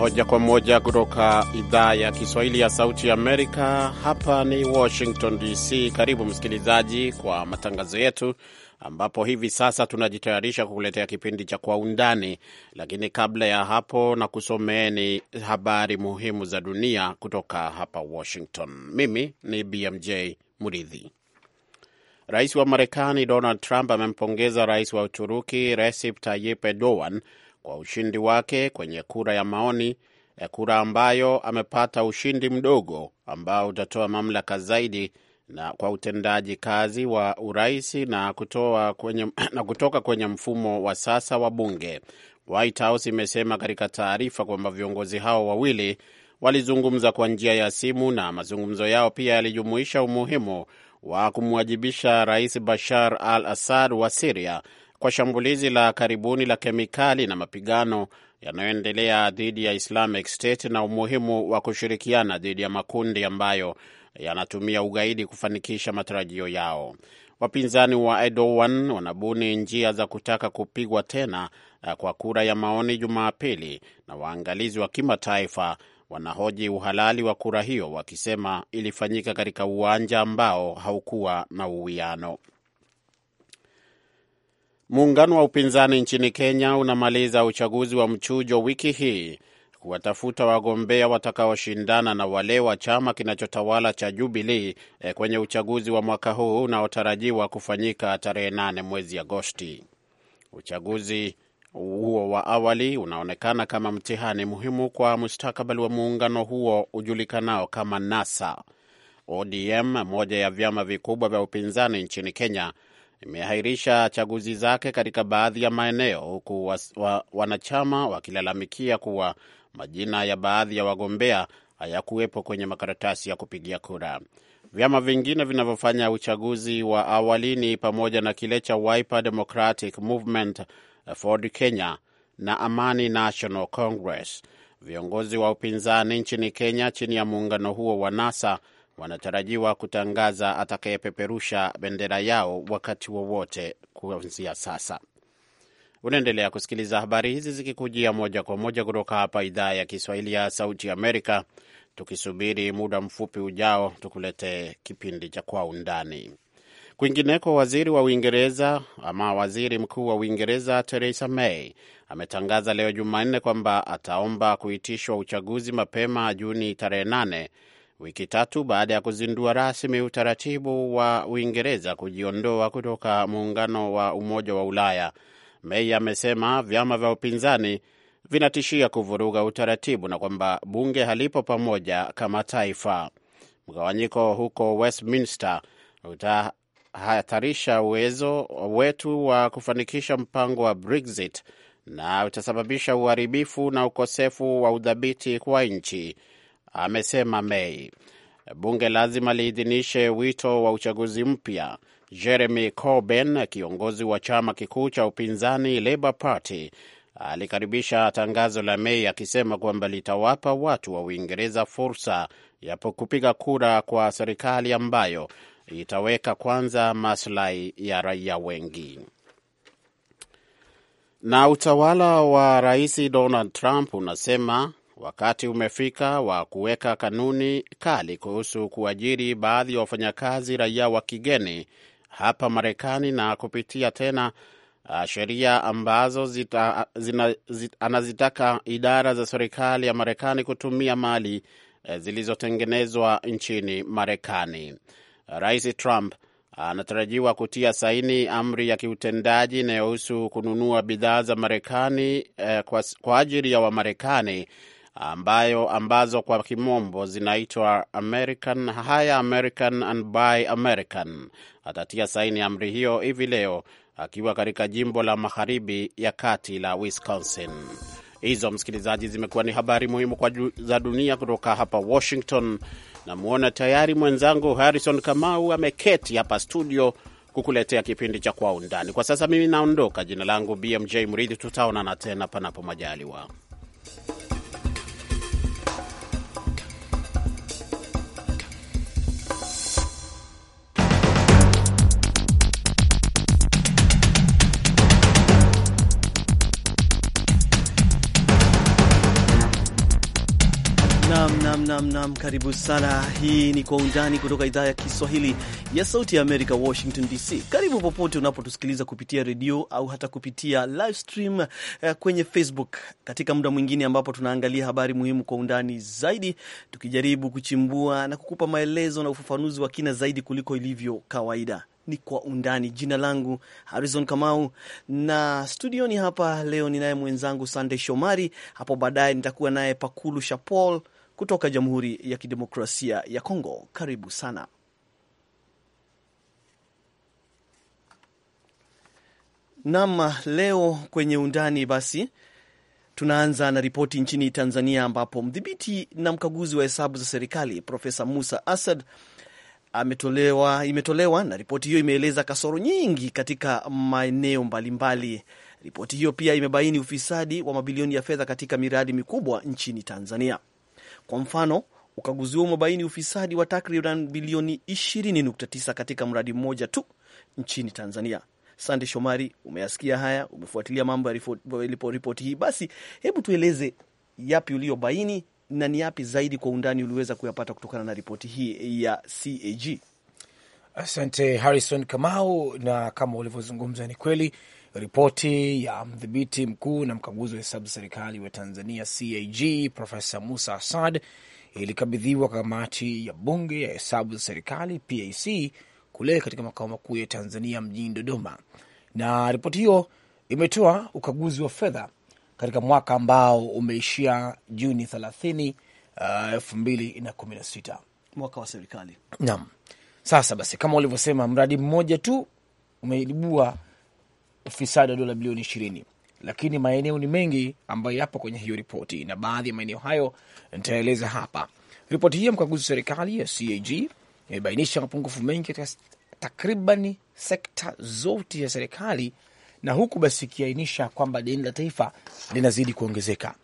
moja kwa moja kutoka idhaa ya Kiswahili ya Sauti ya Amerika. Hapa ni Washington DC. Karibu msikilizaji kwa matangazo yetu, ambapo hivi sasa tunajitayarisha kukuletea kipindi cha Kwa Undani, lakini kabla ya hapo na kusomeeni habari muhimu za dunia kutoka hapa Washington. Mimi ni BMJ Muridhi. Rais wa Marekani Donald Trump amempongeza rais wa Uturuki Recep Tayyip Erdogan kwa ushindi wake kwenye kura ya maoni, eh, kura ambayo amepata ushindi mdogo ambao utatoa mamlaka zaidi na kwa utendaji kazi wa uraisi na, kutoa kwenye, na kutoka kwenye mfumo wa sasa wa bunge. White House imesema katika taarifa kwamba viongozi hao wawili walizungumza kwa njia ya simu na mazungumzo yao pia yalijumuisha umuhimu wa kumwajibisha Rais Bashar al-Assad wa siria kwa shambulizi la karibuni la kemikali na mapigano yanayoendelea dhidi ya Islamic State na umuhimu wa kushirikiana dhidi ya makundi ambayo yanatumia ugaidi kufanikisha matarajio yao. Wapinzani wa Erdogan wanabuni njia za kutaka kupigwa tena eh, kwa kura ya maoni Jumapili, na waangalizi wa kimataifa wanahoji uhalali wa kura hiyo, wakisema ilifanyika katika uwanja ambao haukuwa na uwiano. Muungano wa upinzani nchini Kenya unamaliza uchaguzi wa mchujo wiki hii kuwatafuta wagombea watakaoshindana na wale wa chama kinachotawala cha Jubilee e, kwenye uchaguzi wa mwaka huu unaotarajiwa kufanyika tarehe 8 mwezi Agosti. Uchaguzi huo wa awali unaonekana kama mtihani muhimu kwa mustakabali wa muungano huo ujulikanao kama NASA. ODM, moja ya vyama vikubwa vya upinzani nchini Kenya, imeahirisha chaguzi zake katika baadhi ya maeneo huku wa, wa, wanachama wakilalamikia kuwa majina ya baadhi ya wagombea hayakuwepo kwenye makaratasi ya kupigia kura. Vyama vingine vinavyofanya uchaguzi wa awali ni pamoja na kile cha Wiper Democratic Movement Ford Kenya na Amani National Congress. Viongozi wa upinzani nchini Kenya chini ya muungano huo wa NASA wanatarajiwa kutangaza atakayepeperusha bendera yao wakati wowote kuanzia sasa. Unaendelea kusikiliza habari hizi zikikujia moja kwa moja kutoka hapa idhaa ya Kiswahili ya Sauti Amerika, tukisubiri muda mfupi ujao tukuletee kipindi cha Kwa Undani. Kwingineko, waziri wa Uingereza ama waziri mkuu wa Uingereza Theresa May ametangaza leo Jumanne kwamba ataomba kuitishwa uchaguzi mapema Juni tarehe nane wiki tatu baada ya kuzindua rasmi utaratibu wa Uingereza kujiondoa kutoka muungano wa Umoja wa Ulaya. Mei amesema vyama vya upinzani vinatishia kuvuruga utaratibu na kwamba bunge halipo pamoja kama taifa. Mgawanyiko huko Westminster utahatarisha uwezo wetu wa kufanikisha mpango wa Brexit na utasababisha uharibifu na ukosefu wa udhabiti kwa nchi, amesema May. Bunge lazima liidhinishe wito wa uchaguzi mpya. Jeremy Corbyn, kiongozi wa chama kikuu cha upinzani Labour Party, alikaribisha tangazo la mei akisema kwamba litawapa watu wa Uingereza fursa ya kupiga kura kwa serikali ambayo itaweka kwanza maslahi ya raia wengi. Na utawala wa Rais Donald Trump unasema wakati umefika wa kuweka kanuni kali kuhusu kuajiri baadhi ya wafanyakazi raia wa kigeni hapa Marekani na kupitia tena ah, sheria ambazo zita, zina, zita, anazitaka idara za serikali ya Marekani kutumia mali eh, zilizotengenezwa nchini Marekani. Rais Trump anatarajiwa kutia saini amri ya kiutendaji inayohusu kununua bidhaa za Marekani eh, kwa, kwa ajili ya Wamarekani ambayo ambazo kwa kimombo zinaitwa American Hire American and Buy American atatia saini amri hiyo hivi leo akiwa katika jimbo la magharibi ya kati la Wisconsin. Hizo msikilizaji, zimekuwa ni habari muhimu kwa za dunia kutoka hapa Washington. Namwona tayari mwenzangu Harrison Kamau ameketi hapa studio kukuletea kipindi cha Kwa Undani. Kwa sasa mimi naondoka. Jina langu BMJ Mridhi, tutaonana tena panapo majaliwa. namnam, karibu sana. Hii ni Kwa Undani kutoka idhaa ya Kiswahili ya Sauti ya Amerika, Washington DC. Karibu popote unapotusikiliza kupitia redio au hata kupitia live stream eh, kwenye Facebook, katika muda mwingine ambapo tunaangalia habari muhimu kwa undani zaidi, tukijaribu kuchimbua na kukupa maelezo na ufafanuzi wa kina zaidi kuliko ilivyo kawaida. Ni Kwa Undani. Jina langu Harizon Kamau, na studioni hapa leo ninaye mwenzangu sandey Shomari. Hapo baadaye nitakuwa naye Pakulu Shapol kutoka Jamhuri ya Kidemokrasia ya Kongo. Karibu sana. Nam, leo kwenye undani basi tunaanza na ripoti nchini Tanzania ambapo mdhibiti na mkaguzi wa hesabu za serikali Profesa Musa Asad ametolewa, imetolewa na ripoti hiyo imeeleza kasoro nyingi katika maeneo mbalimbali. Ripoti hiyo pia imebaini ufisadi wa mabilioni ya fedha katika miradi mikubwa nchini Tanzania. Kwa mfano, ukaguzi huo umebaini ufisadi wa takriban bilioni 20.9 katika mradi mmoja tu nchini Tanzania. Sande Shomari, umeyasikia haya, umefuatilia mambo yalipo ripoti hii. Basi hebu tueleze yapi baini na ni yapi zaidi kwa undani uliweza kuyapata kutokana na ripoti hii ya CAG? Asante Harrison Kamau, na kama ulivyozungumza ni kweli, ripoti ya mdhibiti mkuu na mkaguzi wa hesabu serikali wa Tanzania CAG Profesa Musa Assad ilikabidhiwa kamati ya bunge ya hesabu za serikali PAC kule katika makao makuu ya Tanzania mjini Dodoma, na ripoti hiyo imetoa ukaguzi wa fedha katika mwaka ambao umeishia Juni 30, uh, 2016 mwaka wa serikali. Naam. Sasa basi, kama ulivyosema, mradi mmoja tu umeibua ufisadi wa dola bilioni ishirini, lakini maeneo ni mengi ambayo yapo kwenye hiyo ripoti, na baadhi ya maeneo hayo nitaeleza hapa. Ripoti hii ya mkaguzi wa serikali ya CAG imebainisha mapungufu mengi katika takriban sekta zote ya serikali, na huku basi ikiainisha kwamba deni la taifa linazidi kuongezeka.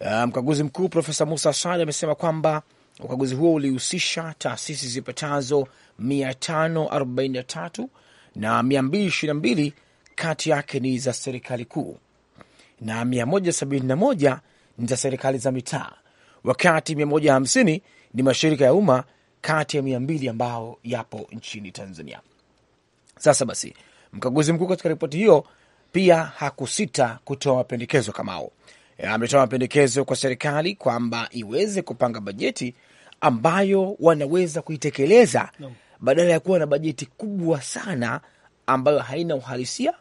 Uh, mkaguzi um, mkuu Profesa Musa Asad amesema kwamba ukaguzi huo ulihusisha taasisi zipatazo 543 na 222 kati yake ni za serikali kuu na 171 ni za serikali za mitaa, wakati 150 ni mashirika ya umma kati ya 200 ambao yapo nchini Tanzania. Sasa basi, mkaguzi mkuu katika ripoti hiyo pia hakusita kutoa mapendekezo kamao. Ametoa mapendekezo kwa serikali kwamba iweze kupanga bajeti ambayo wanaweza kuitekeleza no badala ya kuwa na bajeti kubwa sana ambayo haina uhalisia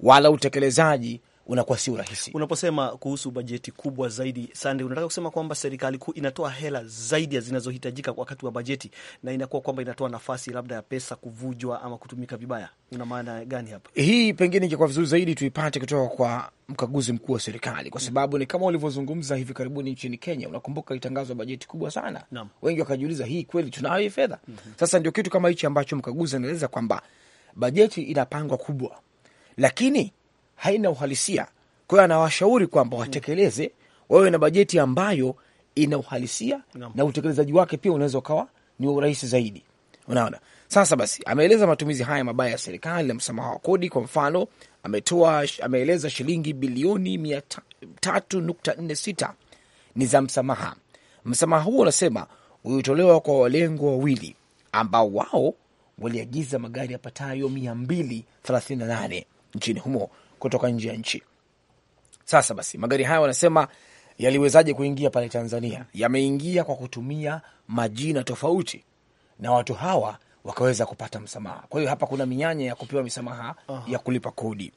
wala utekelezaji unakuwa si rahisi. Unaposema kuhusu bajeti kubwa zaidi, Sande, unataka kusema kwamba serikali kuu inatoa hela zaidi ya zinazohitajika wakati wa bajeti, na inakuwa kwamba inatoa nafasi labda ya pesa kuvujwa ama kutumika vibaya. Una maana gani hapa? Hii pengine ingekuwa vizuri zaidi tuipate kutoka kwa mkaguzi mkuu wa serikali, kwa sababu ni kama ulivyozungumza hivi karibuni nchini Kenya. Unakumbuka ilitangazwa bajeti kubwa sana na wengi wakajiuliza, hii kweli tunayo hii fedha? Mhm. Sasa ndio kitu kama hichi ambacho mkaguzi anaeleza kwamba bajeti inapangwa kubwa, lakini haina uhalisia. Kwa hiyo anawashauri kwamba mm. watekeleze, wawe na bajeti ambayo ina uhalisia no. na utekelezaji wake pia unaweza ukawa ni wa urahisi zaidi. Unaona, sasa basi, ameeleza matumizi haya mabaya ya serikali na msamaha wa kodi. Kwa mfano, ametoa ameeleza shilingi bilioni mia tatu nukta nne sita ni za msamaha. Msamaha huo unasema uliotolewa kwa walengwa wawili ambao wao waliagiza magari yapatayo mia mbili thelathini na nane nchini humo kutoka nje ya nchi. Sasa basi, magari haya wanasema yaliwezaje kuingia pale Tanzania? Yameingia kwa kutumia majina tofauti, na watu hawa wakaweza kupata msamaha. Kwa hiyo hapa kuna minyanya ya kupewa misamaha ya kulipa kodi,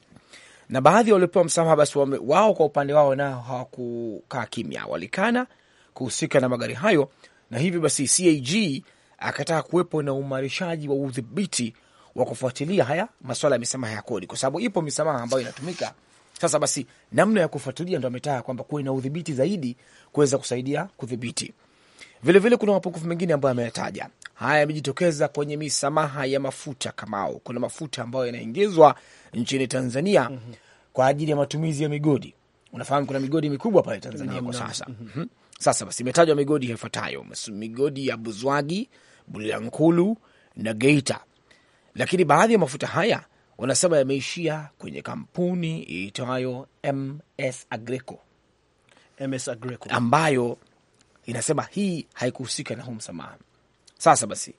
na baadhi waliopewa msamaha basi wame, wao kwa upande wao nao hawakukaa kimya, walikana kuhusika na magari hayo, na hivyo basi CAG akataka kuwepo na uimarishaji wa udhibiti wa kufuatilia haya masuala ya misamaha ya kodi, kwa sababu ipo misamaha ambayo inatumika sasa. Basi namna ya kufuatilia ndo ametaka kwamba kuwe na udhibiti zaidi kuweza kusaidia kudhibiti. Vilevile kuna mapungufu mengine ambayo ameyataja. Haya yamejitokeza kwenye misamaha ya mafuta kamao. Kuna mafuta ambayo yanaingizwa nchini Tanzania mm -hmm. kwa ajili ya matumizi ya migodi. Unafahamu kuna migodi mikubwa pale Tanzania kwa sasa mm -hmm. Sasa basi imetajwa migodi ifuatayo: migodi ya Buzwagi, Bulyanhulu na Geita lakini baadhi ya mafuta haya wanasema yameishia kwenye kampuni iitwayo MS Agreco, MS Agreco ambayo inasema hii haikuhusika na huu msamaha. Sasa basi,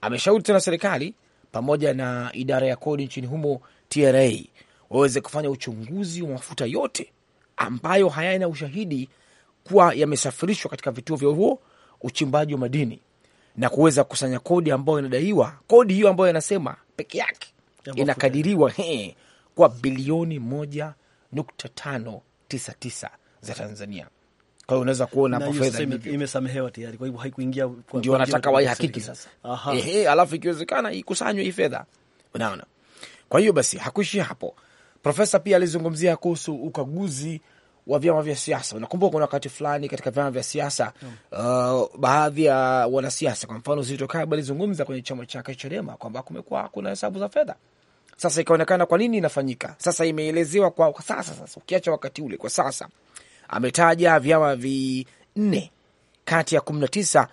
ameshauri tena serikali pamoja na idara ya kodi nchini humo TRA waweze kufanya uchunguzi wa mafuta yote ambayo hayana ushahidi kuwa yamesafirishwa katika vituo vya huo uchimbaji wa madini na kuweza kukusanya kodi ambayo inadaiwa. Kodi hiyo ambayo inasema peke yake inakadiriwa he, kwa bilioni moja nukta tano tisa tisa za Tanzania. Kwa hiyo unaweza kuona hapo fedha imesamehewa tayari, kwa hivyo haikuingia, ndio wanataka waihakiki sasa. Ehe, alafu ikiwezekana ikusanywe hii fedha, unaona. Kwa hiyo basi hakuishia hapo, profesa pia alizungumzia kuhusu ukaguzi wa vyama vya siasa. Unakumbuka kuna wakati fulani katika vyama vya siasa mm. uh, baadhi ya wanasiasa, kwa mfano Zitto Kabwe alizungumza kwenye chama chake Chadema kwamba kumekuwa kuna hesabu za fedha. Sasa ikaonekana kwa nini inafanyika sasa, imeelezewa kwa sasa. Sasa ukiacha wakati ule, kwa sasa ametaja vyama vinne kati ya kumi na tisa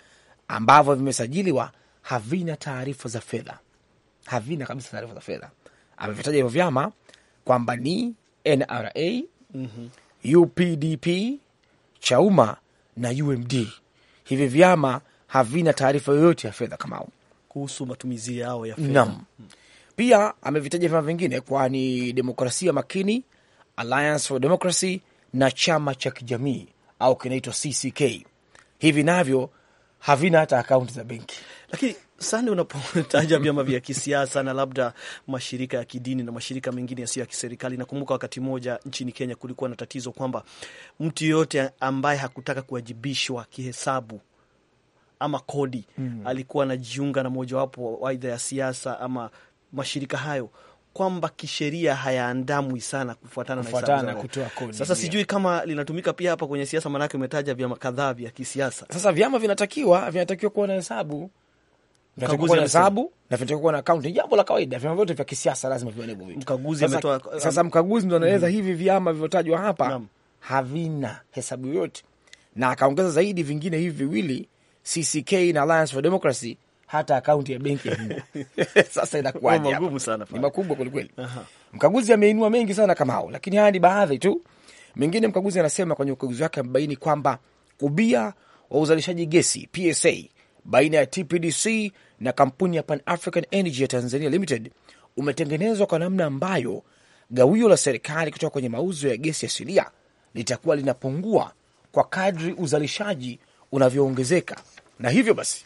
ambavyo vimesajiliwa havina taarifa za fedha, havina kabisa taarifa za fedha. Amevitaja hivyo vyama kwamba ni NRA mm -hmm. UPDP, Chauma na UMD. Hivi vyama havina taarifa yoyote ya fedha Kamau kuhusu matumizi yao ya fedha. Hmm. pia amevitaja vyama vingine, kwani Demokrasia Makini, Alliance for Democracy na chama cha kijamii au kinaitwa CCK, hivi navyo havina hata akaunti za benki lakini Sande, unapotaja vyama vya kisiasa na labda mashirika ya kidini na mashirika mengine yasiyo ya kiserikali, nakumbuka wakati mmoja nchini Kenya kulikuwa na tatizo kwamba mtu yoyote ambaye hakutaka kuwajibishwa kihesabu ama kodi mm alikuwa anajiunga na mojawapo aidha ya siasa ama mashirika hayo kwamba kisheria hayaandamwi sana kufuatana, kufuatana na kutoa kodi. Sasa sijui kama linatumika pia hapa kwenye siasa, maanake umetaja vyama kadhaa vya kisiasa. Sasa vyama vinatakiwa vinatakiwa kuwa na hesabu vinatakiwa na na vinatakiwa kuwa na akaunti. Ni jambo la kawaida, vyama vyote vya kisiasa lazima vitu. Mkaguzi ametoa sasa, mkaguzi ndo anaeleza mm. hivi vyama vilivyotajwa hapa havina hesabu yoyote, na akaongeza zaidi vingine hivi viwili CCK na Alliance for Democracy hata akaunti ya benki Sasa inakuwaje? Magumu sana, ni makubwa kwelikweli. Mkaguzi ameinua mengi sana kama hao, lakini haya ni baadhi tu. Mengine mkaguzi anasema kwenye ukaguzi wake amebaini kwamba ubia wa uzalishaji gesi PSA baina ya TPDC na kampuni ya Pan African Energy ya Tanzania Limited umetengenezwa kwa namna ambayo gawio la serikali kutoka kwenye mauzo ya gesi asilia litakuwa linapungua kwa kadri uzalishaji unavyoongezeka, na hivyo basi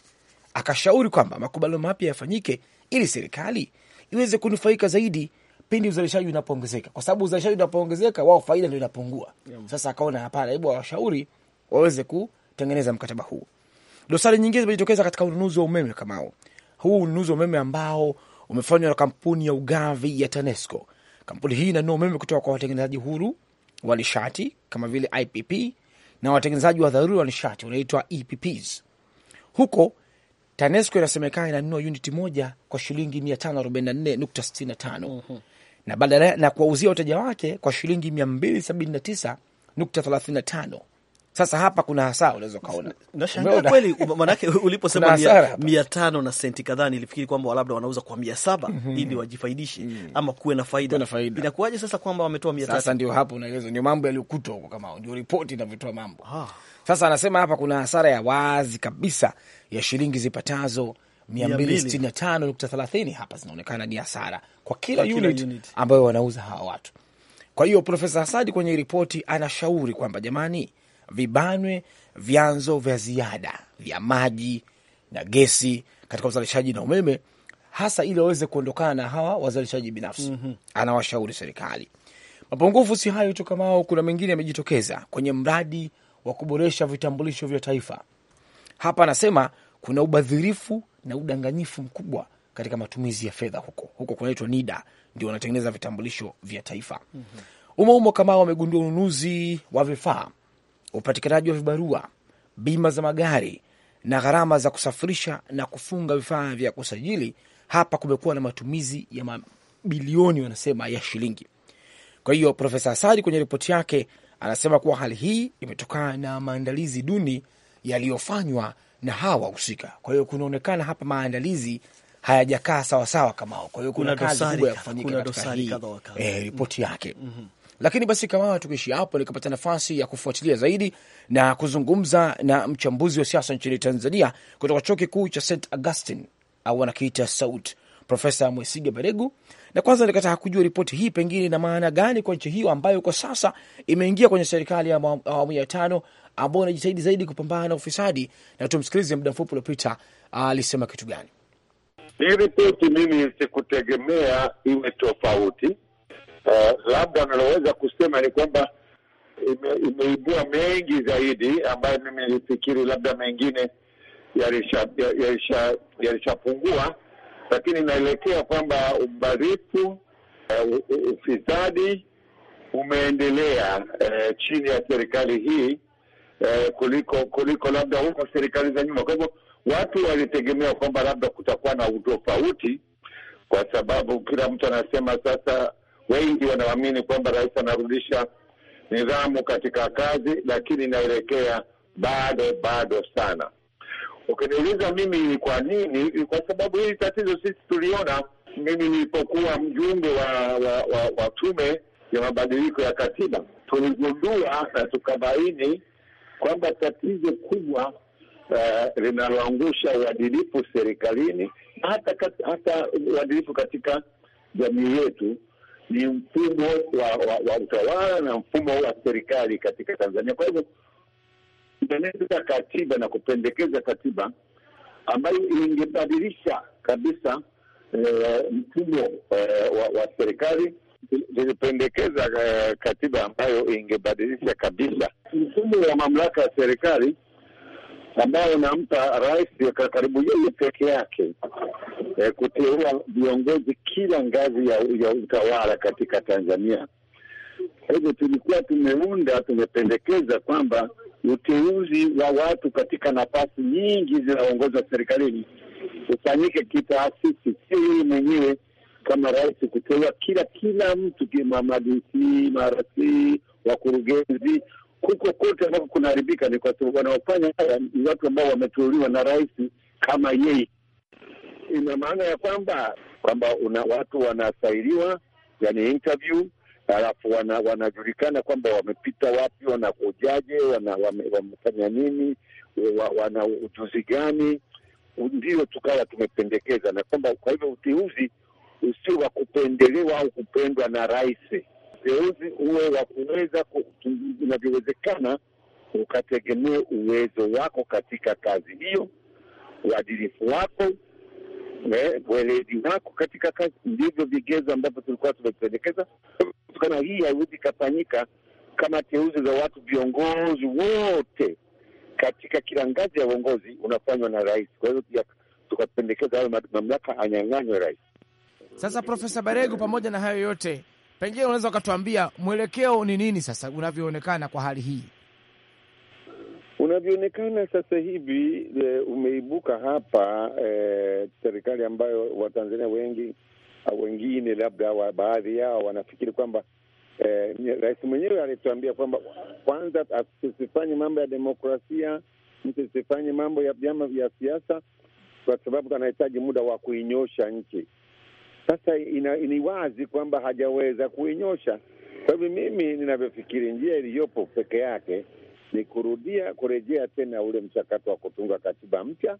akashauri kwamba makubaliano mapya yafanyike ili serikali iweze kunufaika zaidi pindi uzalishaji unapoongezeka, kwa sababu uzalishaji unapoongezeka wao faida ndio inapungua. Sasa akaona hapana, hebu wawashauri waweze kutengeneza mkataba huu. Dosari nyingine zimejitokeza katika ununuzi wa umeme Kamao. Huu ununuzi wa umeme ambao umefanywa na kampuni ya ugavi ya TANESCO. Kampuni hii inanunua umeme kutoka kwa watengenezaji huru wa nishati kama vile IPP na watengenezaji wa dharura wa nishati wanaitwa EPPs. Huko TANESCO inasemekana inanunua uniti moja kwa shilingi 544.65 mhm. na badala na kuwauzia wateja wake kwa shilingi 279.35 sasa hapa kuna hasara unaweza ukaona, nashangaa kweli, manake uliposema mia, mia tano na senti kadhaa nilifikiri kwamba labda wanauza kwa mia saba mm -hmm. ili wajifaidishe mm -hmm. ama kuwe na faida, faida. Inakuwaje sasa kwamba wametoa mia tatu? Sasa ndio hapo unaeleza, ndio mambo yaliyokutwa huko, kama ndio ripoti inavyotoa mambo ah. Sasa anasema hapa kuna hasara ya wazi kabisa ya shilingi zipatazo 265.30 hapa zinaonekana ni hasara kwa kila, kwa kila unit, unit ambayo wanauza hawa watu. Kwa hiyo Profesa Hasadi kwenye ripoti anashauri kwamba jamani vibanwe vyanzo vya ziada vya maji na gesi katika uzalishaji na umeme, hasa ili waweze kuondokana na hawa wazalishaji binafsi. mm -hmm. Anawashauri serikali. Mapungufu si hayo tu, kamao kuna mengine yamejitokeza kwenye mradi wa kuboresha vitambulisho vya taifa. Hapa anasema kuna ubadhirifu na udanganyifu mkubwa katika matumizi ya fedha huko huko, kunaitwa NIDA, ndio wanatengeneza vitambulisho vya taifa. mm -hmm. Umaumo kama wamegundua ununuzi wa vifaa upatikanaji wa vibarua, bima za magari na gharama za kusafirisha na kufunga vifaa vya kusajili. Hapa kumekuwa na matumizi ya mabilioni, wanasema ya shilingi. Kwa hiyo Profesa Asadi kwenye ripoti yake anasema kuwa hali hii imetokana na maandalizi duni yaliyofanywa na hawa wahusika. Kwa hiyo kunaonekana hapa maandalizi hayajakaa sawasawa kama Kwa hiyo kuna, kuna kazi kubwa ya kufanyika katika hii eh, ripoti yake mm -hmm. Lakini basi kama tukiishia hapo, nikapata nafasi ya kufuatilia zaidi na kuzungumza na mchambuzi wa siasa nchini Tanzania kutoka chuo kikuu cha St Augustine au wanakiita SAUT, Profesa Mwesiga Baregu, na kwanza nikataka kujua ripoti hii pengine ina maana gani kwa nchi hiyo ambayo kwa sasa imeingia kwenye serikali ya awamu ya tano ambao inajitahidi zaidi kupambana na ufisadi, na tumsikilize. Muda mfupi uliopita ah, alisema kitu gani? Hii ripoti mimi sikutegemea iwe tofauti uh, labda analoweza kusema ni kwamba ime, imeibua mengi zaidi ambayo mimi nilifikiri labda mengine yalishapungua ya, ya, lakini inaelekea kwamba ubarifu uh, eh, ufisadi umeendelea uh, chini ya serikali hii uh, kuliko kuliko labda huko serikali za nyuma. Kwa hivyo watu walitegemea kwamba labda kutakuwa na utofauti, kwa sababu kila mtu anasema sasa wengi wanaamini kwamba rais anarudisha nidhamu katika kazi, lakini inaelekea bado bado sana. Ukiniuliza mimi kwa nini, kwa sababu hili tatizo sisi tuliona, mimi nilipokuwa mjumbe wa, wa, wa, wa tume ya mabadiliko ya katiba, tuligundua na tukabaini kwamba tatizo kubwa uh, linaloangusha uadilifu serikalini hata, hata uadilifu katika jamii yetu ni mfumo wa, wa, wa utawala na mfumo wa serikali katika Tanzania. Kwa hivyo kutengeneza katiba na kupendekeza katiba ambayo ingebadilisha kabisa eh, mfumo eh, wa, wa serikali zilipendekeza eh, katiba ambayo ingebadilisha kabisa mfumo wa mamlaka ya serikali ambayo unampa rais karibu yeye peke yake eh, kuteua viongozi kila ngazi ya, ya utawala katika Tanzania. Kwa hivyo tulikuwa tumeunda, tumependekeza kwamba uteuzi wa watu katika nafasi nyingi zinaongozwa serikalini ufanyike kitaasisi, sio yeye mwenyewe kama rais kuteua kila kila mtu kimamadisi marasi wakurugenzi huko kote ambako kunaharibika, ni kwa sababu wanaofanya haya ni watu ambao wameteuliwa na rais kama yeye ina maana ya kwamba kwamba una watu wanasailiwa, yani interview, halafu wana, wanajulikana kwamba wamepita wapi, wanakujaje, wana, wame, wamefanya nini, wana ujuzi gani, ndio tukawa tumependekeza na kwamba kwa hivyo uteuzi usio wa kupendelewa au kupendwa na rais, uteuzi uwe wa kuweza inavyowezekana ukategemee uwezo wako katika kazi hiyo, uadilifu wako Eh, weledi wako katika kazi, ndivyo vigezo ambavyo tulikuwa tumependekeza. Kama hii haiwezi ikafanyika kama teuzi za watu viongozi wote katika kila ngazi ya uongozi unafanywa na rais. Kwa pia tukapendekeza hayo mamlaka anyang'anywe rais. Sasa Profesa Baregu, pamoja na hayo yote, pengine unaweza ukatuambia mwelekeo ni nini sasa unavyoonekana kwa hali hii? Unavyoonekana sasa hivi e, umeibuka hapa e, serikali ambayo Watanzania wengi wengine labda wa, baadhi yao wanafikiri kwamba e, rais mwenyewe alituambia kwamba kwanza tusifanye mambo ya demokrasia, msisifanye mambo ya vyama vya siasa kwa sababu anahitaji muda wa kuinyosha nchi. Sasa ni wazi kwamba hajaweza kuinyosha. Kwa hivyo mimi ninavyofikiri, njia iliyopo peke yake ni kurudia kurejea tena ule mchakato wa kutunga katiba mpya,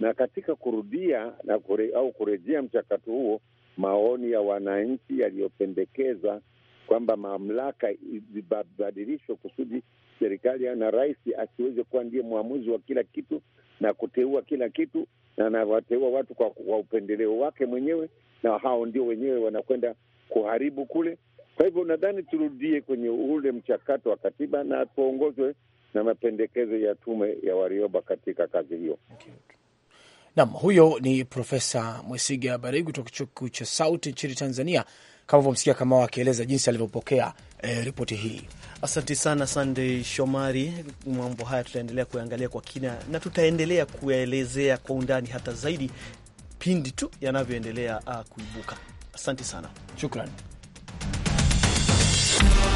na katika kurudia na kure, au kurejea mchakato huo, maoni ya wananchi yaliyopendekeza kwamba mamlaka ibadilishwe kusudi serikali na rais asiweze kuwa ndiye mwamuzi wa kila kitu na kuteua kila kitu, na anawateua watu kwa, kwa upendeleo wake mwenyewe, na hao ndio wenyewe wanakwenda kuharibu kule kwa hivyo nadhani turudie kwenye ule mchakato wa katiba na tuongozwe na mapendekezo ya tume ya Warioba katika kazi hiyo. Naam, huyo ni Profesa Mwesiga Baregu kutoka chuo kikuu cha Sauti nchini Tanzania, kama vyomsikia kama akieleza jinsi alivyopokea eh, ripoti hii. Asante sana Sandey Shomari. Mambo haya tutaendelea kuyaangalia kwa kina na tutaendelea kuyaelezea kwa undani hata zaidi pindi tu yanavyoendelea uh, kuibuka. Asante sana, shukran. Thank you.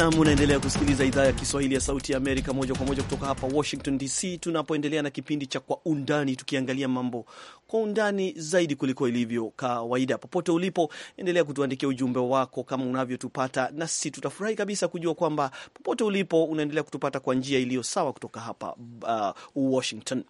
Nam, unaendelea kusikiliza idhaa ya Kiswahili ya Sauti ya Amerika moja kwa moja kutoka hapa Washington DC, tunapoendelea na kipindi cha Kwa Undani, tukiangalia mambo kwa undani zaidi kuliko ilivyo kawaida. Popote ulipo, endelea kutuandikia ujumbe wako kama unavyotupata, nasi tutafurahi kabisa kujua kwamba popote ulipo unaendelea kutupata kwa njia iliyo sawa kutoka hapa uh, Washington.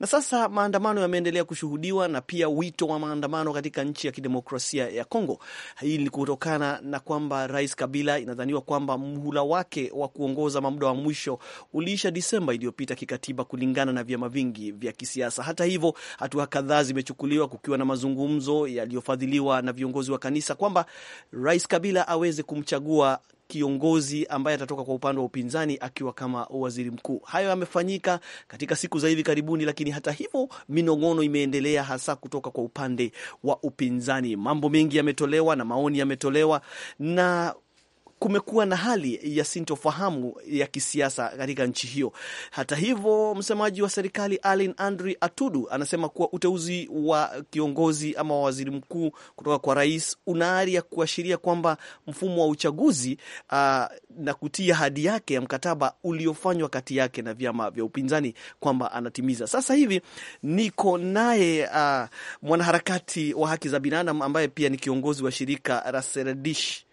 Na sasa maandamano yameendelea kushuhudiwa na pia wito wa maandamano katika nchi ya kidemokrasia ya congo Hii ni kutokana na kwamba Rais Kabila inadhaniwa kwamba mhula wake wa kuongoza muda wa mwisho uliisha Disemba iliyopita kikatiba, kulingana na vyama vingi vya kisiasa. Hata hivyo, hatua kadhaa zimechukuliwa, kukiwa na mazungumzo yaliyofadhiliwa na viongozi wa kanisa kwamba Rais Kabila aweze kumchagua kiongozi ambaye atatoka kwa upande wa upinzani akiwa kama waziri mkuu. Hayo yamefanyika katika siku za hivi karibuni, lakini hata hivyo minong'ono imeendelea hasa kutoka kwa upande wa upinzani. Mambo mengi yametolewa na maoni yametolewa na kumekuwa na hali ya sintofahamu ya kisiasa katika nchi hiyo. Hata hivyo, msemaji wa serikali Alin Andri Atudu anasema kuwa uteuzi wa kiongozi ama wa waziri mkuu kutoka kwa rais una ari ya kuashiria kwamba mfumo wa uchaguzi uh, na kutia hadi yake ya mkataba uliofanywa kati yake na vyama vya upinzani kwamba anatimiza. Sasa hivi niko naye uh, mwanaharakati wa haki za binadamu ambaye pia ni kiongozi wa shirika Rasredish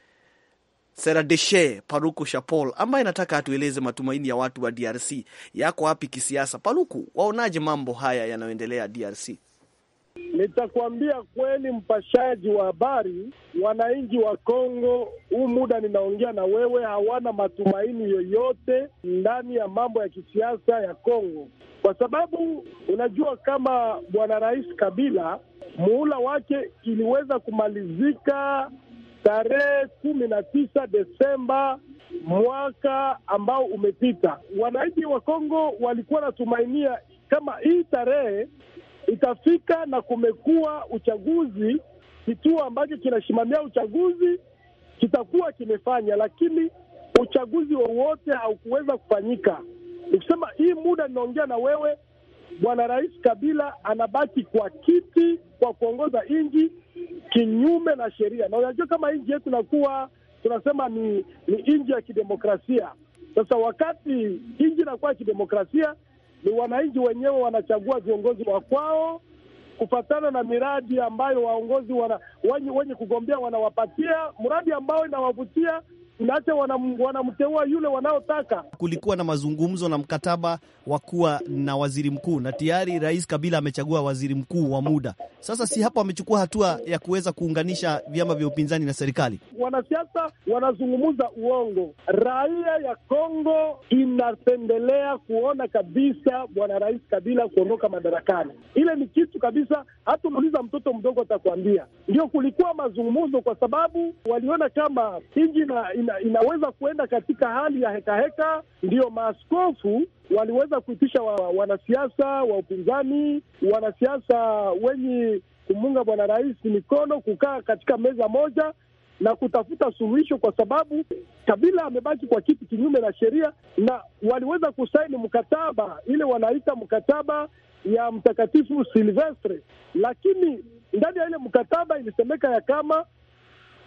Seradeshe paruku Shapol ambaye anataka atueleze matumaini ya watu wa DRC yako wapi kisiasa. paruku waonaje mambo haya yanayoendelea DRC? nitakuambia kweli, mpashaji wa habari, wananchi wa Kongo, huu muda ninaongea na wewe, hawana matumaini yoyote ndani ya mambo ya kisiasa ya Kongo, kwa sababu unajua kama bwana Rais Kabila muhula wake iliweza kumalizika tarehe kumi na tisa Desemba mwaka ambao umepita. Wananchi wa Kongo walikuwa natumainia kama hii tarehe itafika na kumekuwa uchaguzi, kituo ambacho kinasimamia uchaguzi kitakuwa kimefanya, lakini uchaguzi wowote haukuweza kufanyika. Nikusema hii muda ninaongea na wewe Bwana Rais Kabila anabaki kwa kiti kwa kuongoza nchi kinyume na sheria, na unajua kama nchi yetu inakuwa tunasema ni, ni nchi ya kidemokrasia. Sasa wakati nchi inakuwa ya kidemokrasia, ni wananchi wenyewe wanachagua viongozi wa kwao kufatana na miradi ambayo waongozi wana, wenye, wenye kugombea wanawapatia mradi ambao inawavutia Unacha wanamteua wana yule wanaotaka. Kulikuwa na mazungumzo na mkataba wa kuwa na waziri mkuu, na tayari Rais Kabila amechagua waziri mkuu wa muda. Sasa si hapo amechukua hatua ya kuweza kuunganisha vyama vya upinzani na serikali? Wanasiasa wanazungumza uongo. Raia ya Kongo inapendelea kuona kabisa bwana Rais Kabila kuondoka madarakani. Ile ni kitu kabisa, hata unauliza mtoto mdogo atakuambia Ndio kulikuwa mazungumzo, kwa sababu waliona kama inji na ina, inaweza kuenda katika hali ya hekaheka. Ndiyo maaskofu waliweza kuitisha wanasiasa wa, wa upinzani, wanasiasa wenye kumunga bwana rais mikono, kukaa katika meza moja na kutafuta suluhisho, kwa sababu Kabila amebaki kwa kiti kinyume na sheria, na waliweza kusaini mkataba ile wanaita mkataba ya Mtakatifu Silvestre, lakini ndani ya ile mkataba ilisemeka ya kama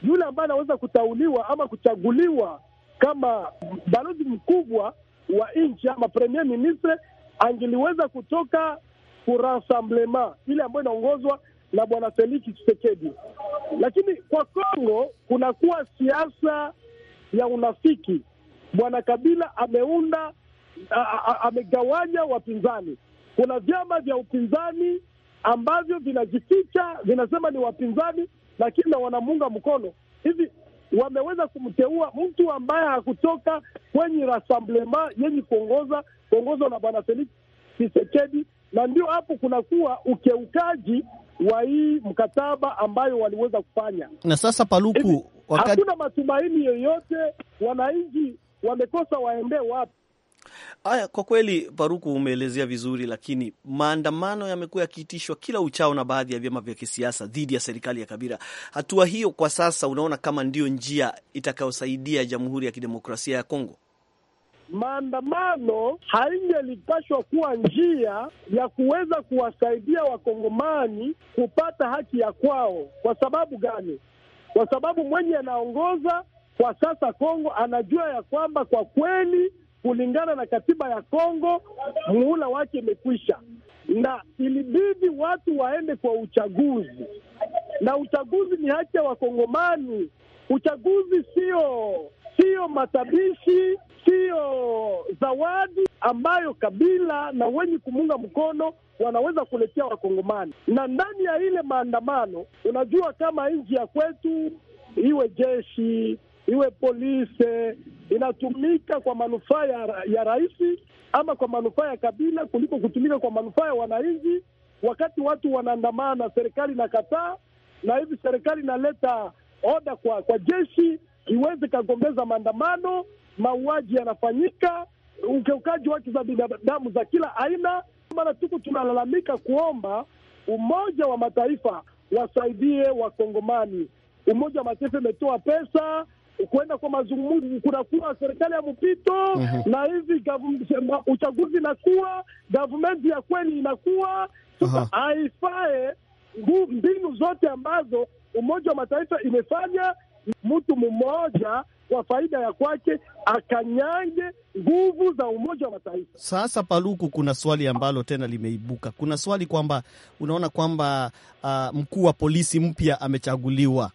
yule ambaye anaweza kutauliwa ama kuchaguliwa kama balozi mkubwa wa nchi ama premier ministre angeliweza kutoka kurassemblement ile ambayo inaongozwa na bwana Feliki Chisekedi. Lakini kwa Kongo kunakuwa siasa ya unafiki. Bwana Kabila ameunda amegawanya wapinzani. Kuna vyama vya upinzani ambavyo vinajificha, vinasema ni wapinzani, lakini na wanamuunga mkono. Hivi wameweza kumteua mtu ambaye hakutoka kwenye rasamblema yenye kuongoza kuongozwa na bwana Felix Tshisekedi, na ndio hapo kunakuwa ukeukaji wa hii mkataba ambayo waliweza kufanya. Na sasa Paluku, wakati hakuna matumaini yoyote, wananchi wamekosa waendee wapi? Aya, kwa kweli Paruku, umeelezea vizuri, lakini maandamano yamekuwa yakiitishwa kila uchao na baadhi ya vyama vya kisiasa dhidi ya serikali ya Kabila. Hatua hiyo kwa sasa unaona kama ndiyo njia itakayosaidia Jamhuri ya Kidemokrasia ya Kongo? Maandamano haijalipashwa kuwa njia ya kuweza kuwasaidia wakongomani kupata haki ya kwao. Kwa sababu gani? Kwa sababu mwenye anaongoza kwa sasa Kongo anajua ya kwamba kwa kweli kulingana na katiba ya Kongo muhula wake imekwisha, na ilibidi watu waende kwa uchaguzi, na uchaguzi ni haki ya Wakongomani. Uchaguzi sio sio matabishi, sio zawadi ambayo kabila na wenye kumunga mkono wanaweza kuletea Wakongomani. Na ndani ya ile maandamano, unajua kama nchi ya kwetu iwe jeshi iwe polisi inatumika kwa manufaa ya, ya rais ama kwa manufaa ya kabila kuliko kutumika kwa manufaa ya wananchi. Wakati watu wanaandamana, serikali inakataa, na hivi serikali inaleta oda kwa kwa jeshi iweze kagombeza maandamano. Mauaji yanafanyika, ukiukaji wake za binadamu za kila aina. Maana tuku tunalalamika kuomba Umoja wa Mataifa wasaidie Wakongomani. Umoja wa Mataifa imetoa pesa kuenda kwa mazungumzo, kunakuwa serikali ya mpito mm -hmm. na hivi uchaguzi inakuwa gavumenti ya kweli inakuwa sasa, haifae mbinu zote ambazo Umoja wa Mataifa imefanya mtu mmoja kwa faida ya kwake akanyange nguvu za Umoja wa Mataifa. Sasa Paluku, kuna swali ambalo tena limeibuka. Kuna swali kwamba unaona kwamba uh, mkuu wa polisi mpya amechaguliwa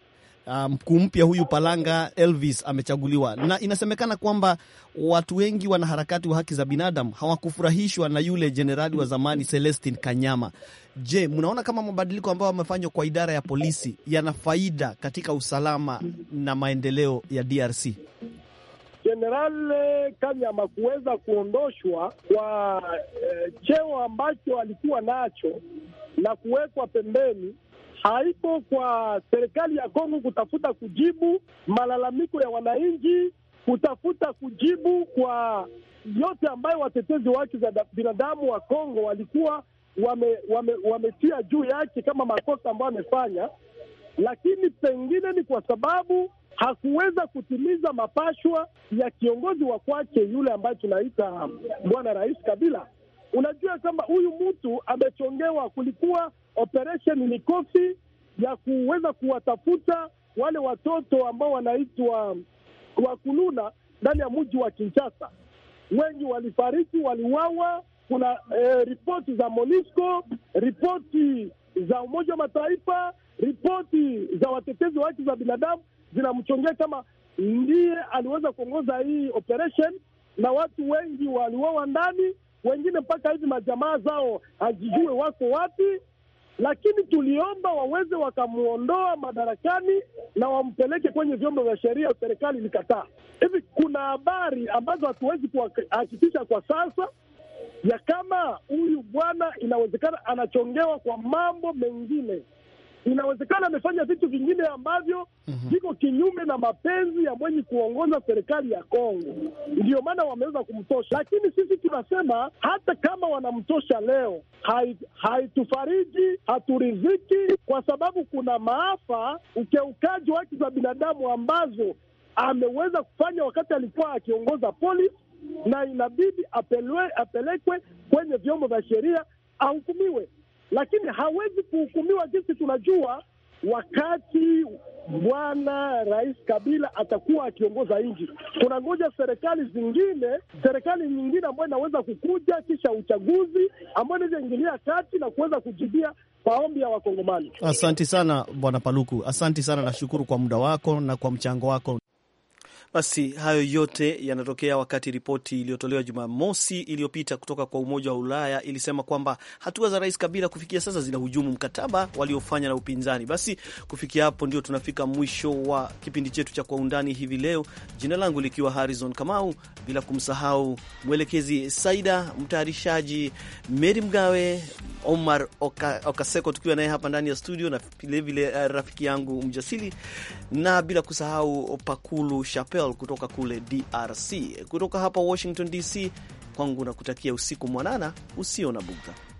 Ah, mkuu um, mpya huyu Palanga Elvis amechaguliwa, na inasemekana kwamba watu wengi wanaharakati wa haki za binadamu hawakufurahishwa na yule jenerali wa zamani Celestin Kanyama. Je, mnaona kama mabadiliko ambayo yamefanywa kwa idara ya polisi yana faida katika usalama na maendeleo ya DRC? Jeneral Kanyama kuweza kuondoshwa kwa eh, cheo ambacho alikuwa nacho na kuwekwa pembeni haipo kwa serikali ya Kongo kutafuta kujibu malalamiko ya wananchi, kutafuta kujibu kwa yote ambayo watetezi wa haki za binadamu wa Kongo walikuwa wametia wame, wame juu yake kama makosa ambayo amefanya, lakini pengine ni kwa sababu hakuweza kutimiza mapashwa ya kiongozi wa kwake yule ambaye tunaita bwana Rais Kabila. Unajua kwamba huyu mtu amechongewa, kulikuwa ni kofi ya kuweza kuwatafuta wale watoto ambao wanaitwa wakuluna ndani ya mji wa Kinshasa. Wengi walifariki, waliuawa. Kuna e, ripoti za MONUSCO, ripoti za Umoja wa Mataifa, ripoti za watetezi wa haki za binadamu zinamchongea kama ndiye aliweza kuongoza hii operation, na watu wengi waliuawa ndani, wengine mpaka hivi majamaa zao hazijue wako wapi lakini tuliomba waweze wakamwondoa madarakani na wampeleke kwenye vyombo vya sheria, serikali ilikataa. Hivi kuna habari ambazo hatuwezi kuhakikisha kwa sasa ya kama huyu bwana inawezekana anachongewa kwa mambo mengine inawezekana amefanya vitu vingine ambavyo mhm. viko mm -hmm. kinyume na mapenzi ya mwenye kuongoza serikali ya Kongo. Ndiyo maana wameweza kumtosha, lakini sisi tunasema hata kama wanamtosha leo, haitufariji hai haturiziki, kwa sababu kuna maafa, ukiukaji wa haki za binadamu ambazo ameweza kufanya wakati alikuwa akiongoza polisi, na inabidi apelekwe kwenye vyombo vya sheria ahukumiwe lakini hawezi kuhukumiwa jinsi tunajua wakati Bwana Rais Kabila atakuwa akiongoza nchi, tunangoja serikali zingine, serikali nyingine ambayo inaweza kukuja kisha uchaguzi ambayo inaweza ingilia kati na kuweza kujibia maombi ya Wakongomani. Asante sana Bwana Paluku, asante sana, nashukuru kwa muda wako na kwa mchango wako. Basi hayo yote yanatokea wakati ripoti iliyotolewa Jumamosi iliyopita kutoka kwa Umoja wa Ulaya ilisema kwamba hatua za Rais Kabila kufikia sasa zinahujumu mkataba waliofanya na upinzani. Basi kufikia hapo ndio tunafika mwisho wa kipindi chetu cha Kwa Undani hivi leo, jina langu likiwa Harrison Kamau, bila kumsahau mwelekezi Saida, mtayarishaji Meri Mgawe, Omar Oka, Okaseko tukiwa naye hapa ndani ya studio na vilevile eh, rafiki yangu Mjasili na bila kusahau Pakulu Chapel Bell kutoka kule DRC. Kutoka hapa Washington DC, kwangu nakutakia usiku mwanana usio na bugdha.